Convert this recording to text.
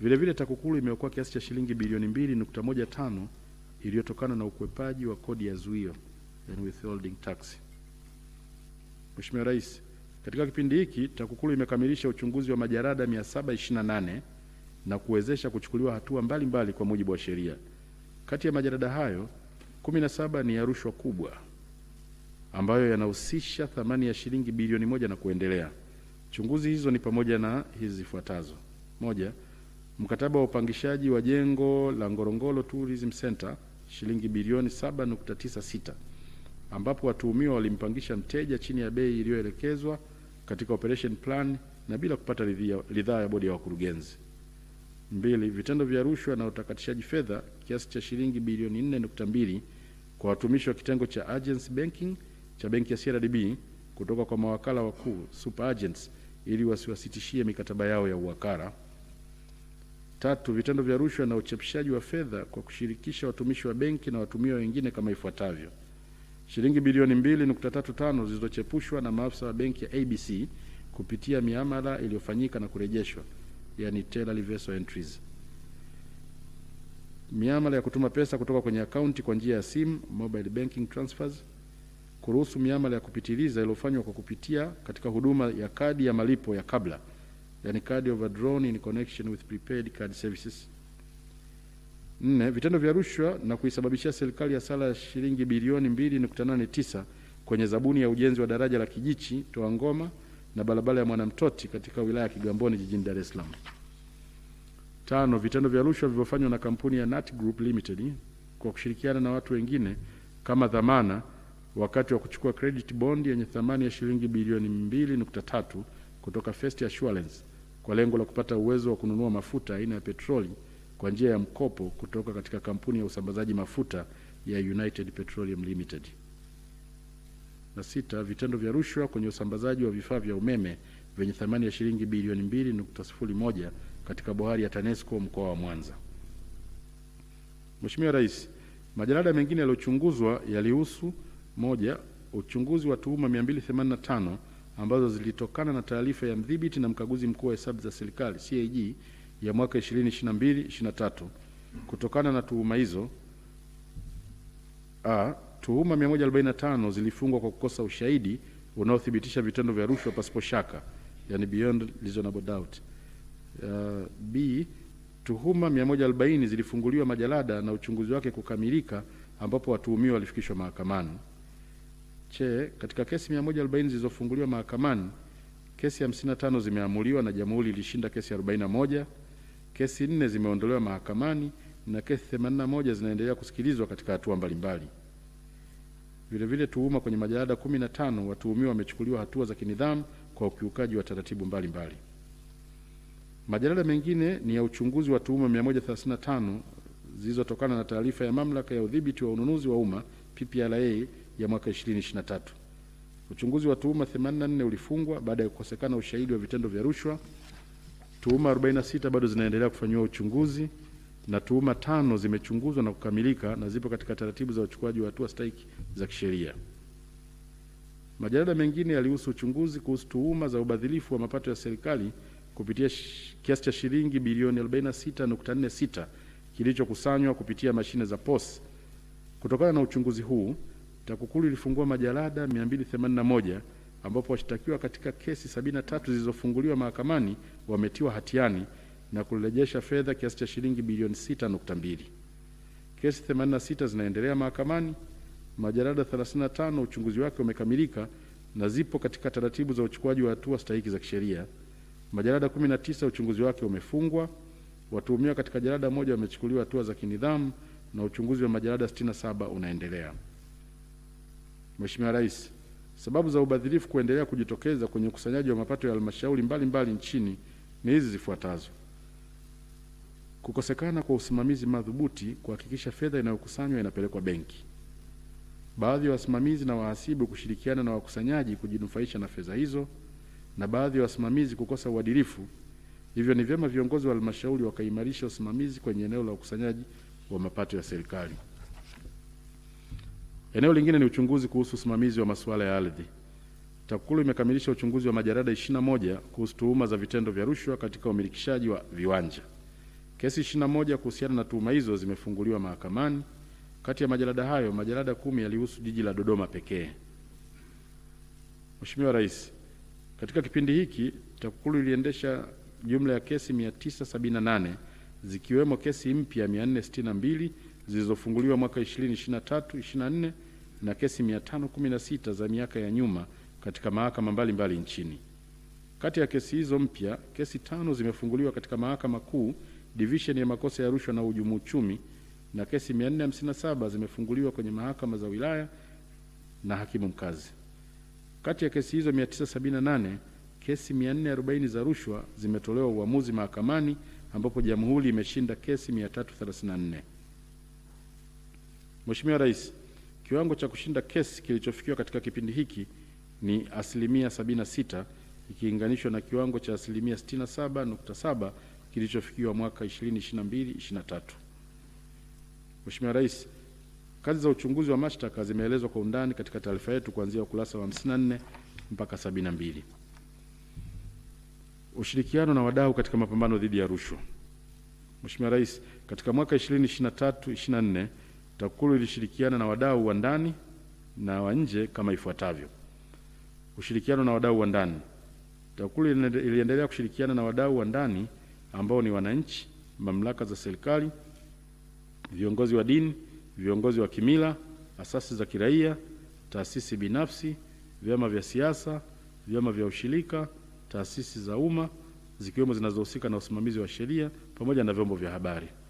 Vilevile TAKUKURU imeokoa kiasi cha shilingi bilioni 2.15 iliyotokana na ukwepaji wa kodi ya zuio and withholding tax. Mheshimiwa Rais, katika kipindi hiki TAKUKURU imekamilisha uchunguzi wa majarada 728 na kuwezesha kuchukuliwa hatua mbalimbali mbali kwa mujibu wa sheria. Kati ya majarada hayo 17 ni ya rushwa kubwa ambayo yanahusisha thamani ya shilingi bilioni moja na kuendelea. Chunguzi hizo ni pamoja na hizi zifuatazo: moja, Mkataba wa upangishaji wa jengo la Ngorongoro Tourism Center shilingi bilioni 7.96 ambapo watuhumiwa walimpangisha mteja chini ya bei iliyoelekezwa katika operation plan na bila kupata ridhaa ya bodi ya wakurugenzi. Mbili, vitendo vya rushwa na utakatishaji fedha kiasi cha shilingi bilioni 4.2 kwa watumishi wa kitengo cha agency banking cha benki ya CRDB kutoka kwa mawakala wakuu super agents ili wasiwasitishie mikataba yao ya uwakala. Tatu, vitendo vya rushwa na uchapishaji wa fedha kwa kushirikisha watumishi wa benki na watumiwa wengine kama ifuatavyo: shilingi bilioni 2.35 zilizochepushwa na maafisa wa benki ya ABC kupitia miamala iliyofanyika na kurejeshwa, yani teller reversal entries, miamala ya kutuma pesa kutoka kwenye akaunti kwa njia ya simu, mobile banking transfers, kuruhusu miamala ya kupitiliza iliyofanywa kwa kupitia katika huduma ya kadi ya malipo ya kabla yani kadi overdrawn in connection with prepaid card services. Nne, vitendo vya rushwa na kuisababishia serikali hasara ya shilingi bilioni 2.89 kwenye zabuni ya ujenzi wa daraja la Kijichi ngoma na barabara ya Mwanamtoti katika wilaya ya Kigamboni jijini Dar es Salaam. Tano, vitendo vya rushwa vilivyofanywa na kampuni ya Nat Group Limited kwa kushirikiana na watu wengine kama dhamana wakati wa kuchukua credit bond yenye thamani ya shilingi bilioni 2.3 kutoka First Assurance kwa lengo la kupata uwezo wa kununua mafuta aina ya petroli kwa njia ya mkopo kutoka katika kampuni ya usambazaji mafuta ya United Petroleum Limited. Na sita, vitendo vya rushwa kwenye usambazaji wa vifaa vya umeme vyenye thamani ya shilingi bilioni moja katika bohari ya TANESCO mkoa wa Mwanza. Mheshimiwa Rais, majalada mengine yaliyochunguzwa yalihusu: moja, uchunguzi wa tuhuma 285 ambazo zilitokana na taarifa ya mdhibiti na mkaguzi mkuu wa hesabu za serikali CAG ya mwaka 2022 23. Kutokana na tuhuma hizo, a tuhuma 145 zilifungwa kwa kukosa ushahidi unaothibitisha vitendo vya rushwa pasipo shaka, yani beyond reasonable doubt. Uh, b tuhuma 140 zilifunguliwa majalada na uchunguzi wake kukamilika ambapo watuhumiwa walifikishwa mahakamani. Che, katika kesi 140 zilizofunguliwa mahakamani, kesi 55 zimeamuliwa na jamhuri ilishinda kesi 41, kesi nne zimeondolewa mahakamani na kesi 81 zinaendelea kusikilizwa katika hatua mbalimbali. Vilevile, tuhuma kwenye majalada 15 watuhumiwa wamechukuliwa hatua za kinidhamu kwa ukiukaji wa taratibu mbalimbali Majalada mengine ni ya uchunguzi wa tuhuma 135 zilizotokana na taarifa ya mamlaka ya udhibiti wa ununuzi wa umma PPRA ya mwaka 2023. Uchunguzi wa tuhuma 84 ulifungwa baada ya kukosekana ushahidi wa vitendo vya rushwa. Tuhuma 46 bado zinaendelea kufanyiwa uchunguzi na tuhuma tano zimechunguzwa na kukamilika na zipo katika taratibu za uchukuaji wa hatua stahiki za kisheria. Majalada mengine yalihusu uchunguzi kuhusu tuhuma za ubadhilifu wa mapato ya serikali kupitia kiasi cha shilingi bilioni 46.46 kilichokusanywa kupitia mashine za POS. Kutokana na uchunguzi huu TAKUKURU ilifungua majalada 281 ambapo washtakiwa katika kesi 73 zilizofunguliwa mahakamani wametiwa hatiani na kurejesha fedha kiasi cha shilingi bilioni 6.2. Kesi 86 zinaendelea mahakamani. Majalada 35 uchunguzi wake umekamilika na zipo katika taratibu za uchukuaji wa hatua stahiki za kisheria. Majalada 19 uchunguzi wake umefungwa. Watuhumiwa katika jalada moja wamechukuliwa hatua za kinidhamu na uchunguzi wa majalada 67 unaendelea. Mheshimiwa Rais, sababu za ubadhirifu kuendelea kujitokeza kwenye ukusanyaji wa mapato ya halmashauri mbalimbali nchini ni hizi zifuatazo: kukosekana kwa usimamizi madhubuti kuhakikisha fedha inayokusanywa inapelekwa benki, baadhi ya wasimamizi na wahasibu kushirikiana na wakusanyaji kujinufaisha na fedha hizo, na baadhi ya wasimamizi kukosa uadilifu. Hivyo ni vyema viongozi wa halmashauri wakaimarisha usimamizi kwenye eneo la ukusanyaji wa mapato ya serikali. Eneo lingine ni uchunguzi kuhusu usimamizi wa masuala ya ardhi. TAKUKURU imekamilisha uchunguzi wa majarada 21 kuhusu tuhuma za vitendo vya rushwa katika umilikishaji wa viwanja. Kesi 21 kuhusiana na tuhuma hizo zimefunguliwa mahakamani. Kati ya majarada hayo, majarada kumi yalihusu jiji la Dodoma pekee. Mheshimiwa Rais, katika kipindi hiki TAKUKURU iliendesha jumla ya kesi 978 zikiwemo kesi mpya 462 zilizofunguliwa mwaka 2023, 24 na kesi 516 za miaka ya nyuma katika mahakama mbalimbali nchini. Kati ya kesi hizo mpya, kesi tano zimefunguliwa katika Mahakama Kuu divisheni ya makosa ya rushwa na uhujumu uchumi na kesi 457 zimefunguliwa kwenye mahakama za wilaya na hakimu mkazi. Kati ya kesi hizo 978, kesi 440 za rushwa zimetolewa uamuzi mahakamani ambapo jamhuri imeshinda kesi 334. Mheshimiwa Rais, kiwango cha kushinda kesi kilichofikiwa katika kipindi hiki ni asilimia 76 ikilinganishwa na kiwango cha asilimia 67.7 kilichofikiwa mwaka 2022/23. Mheshimiwa Rais, kazi za uchunguzi wa mashtaka zimeelezwa kwa undani katika taarifa yetu kuanzia ukurasa wa 54 mpaka 72. Ushirikiano na wadau katika mapambano dhidi ya rushwa. Mheshimiwa Rais, katika mwaka 2023/24 TAKUKURU ilishirikiana na wadau wa ndani na wa nje kama ifuatavyo. Ushirikiano na wadau wa ndani. TAKUKURU iliendelea kushirikiana na wadau wa ndani ambao ni wananchi, mamlaka za serikali, viongozi wa dini, viongozi wa kimila, asasi za kiraia, taasisi binafsi, vyama vya siasa, vyama vya ushirika, taasisi za umma zikiwemo zinazohusika na usimamizi wa sheria pamoja na vyombo vya habari.